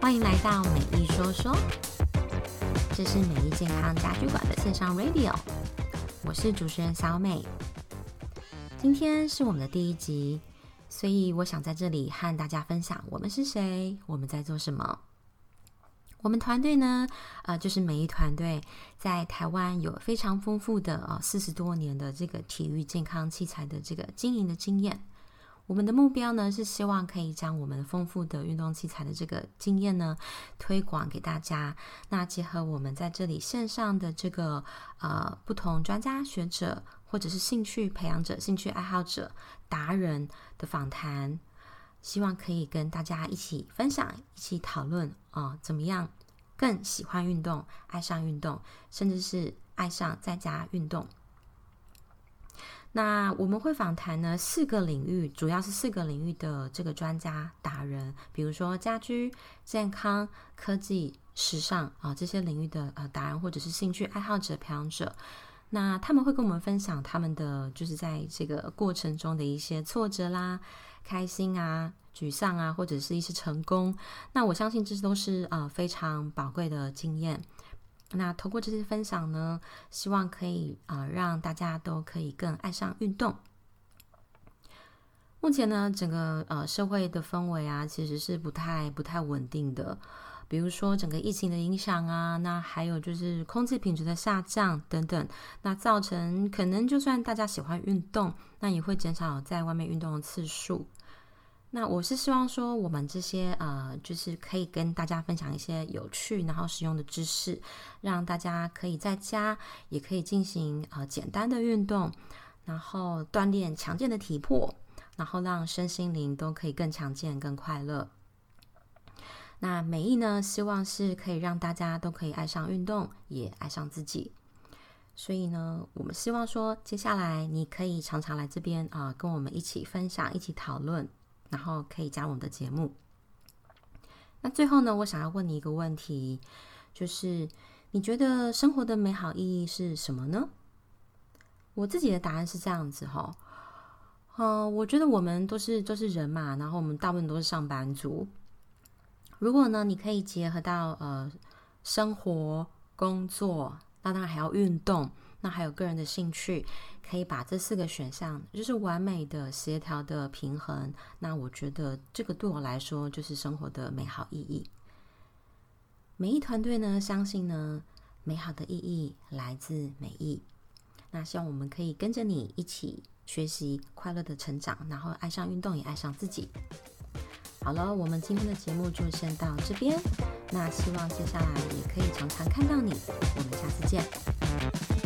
歡迎來到美意說說，這是美意健康家居館的線上 radio，我是主持人小美。今天是我們的第一集，所以我想在這裡和大家分享我們是誰，我們在做什麼。我們團隊呢，呃，就是美意團隊，在台灣有非常豐富的呃四十多年的這個體育健康器材的這個經營的經驗。我們的目標呢，是希望可以將我們豐富的運動器材的這個經驗呢，推廣給大家。那結合我們在這裡線上的這個呃不同專家學者，或者是興趣培養者、興趣愛好者、達人的訪談，希望可以跟大家一起分享、一起討論啊、呃，怎麼樣更喜歡運動、愛上運動，甚至是愛上在家運動。那我們會訪談呢，四個領域，主要是四個領域的這個專家達人，比如說家居、健康、科技、時尚啊、呃、這些領域的呃達人或者是興趣愛好者培養者，那他們會跟我們分享他們的就是在這個過程中的一些挫折啦、開心啊、沮喪啊或者是一些成功。那我相信這都是呃非常寶貴的經驗。那通過這些分享呢，希望可以啊，呃，讓大家都可以更愛上運動。目前呢，整個呃社會的氛圍啊，其實是不太不太穩定的。比如說整個疫情的影響啊，那還有就是空氣品質的下降等等，那造成可能就算大家喜歡運動，那也會減少在外面運動的次數。那我是希望說，我們這些呃，就是可以跟大家分享一些有趣然後實用的知識，讓大家可以在家也可以進行呃簡單的運動，然後鍛鍊強健的體魄，然後讓身心靈都可以更強健、更快樂。那美意呢，希望是可以讓大家都可以愛上運動，也愛上自己。所以呢，我們希望說，接下來你可以常常來這邊啊，呃，跟我們一起分享、一起討論。然後可以加我們的節目。那最後呢，我想要問你一個問題，就是你覺得生活的美好意義是什麼呢？我自己的答案是這樣子哈、哦，嗯、呃，我覺得我們都是都、就是人嘛，然後我們大部分都是上班族。如果呢，你可以結合到呃生活、工作，那當然還要運動。那還有個人的興趣，可以把這四個選項就是完美的協調的平衡。那我覺得這個對我來說就是生活的美好意義。美意團隊呢，相信呢，美好的意義來自美意。那希望我們可以跟着你一起學習，快樂的成長，然後愛上運動，也愛上自己。好了，我們今天的節目就先到這邊。那希望接下來也可以常常看到你，我們下次見。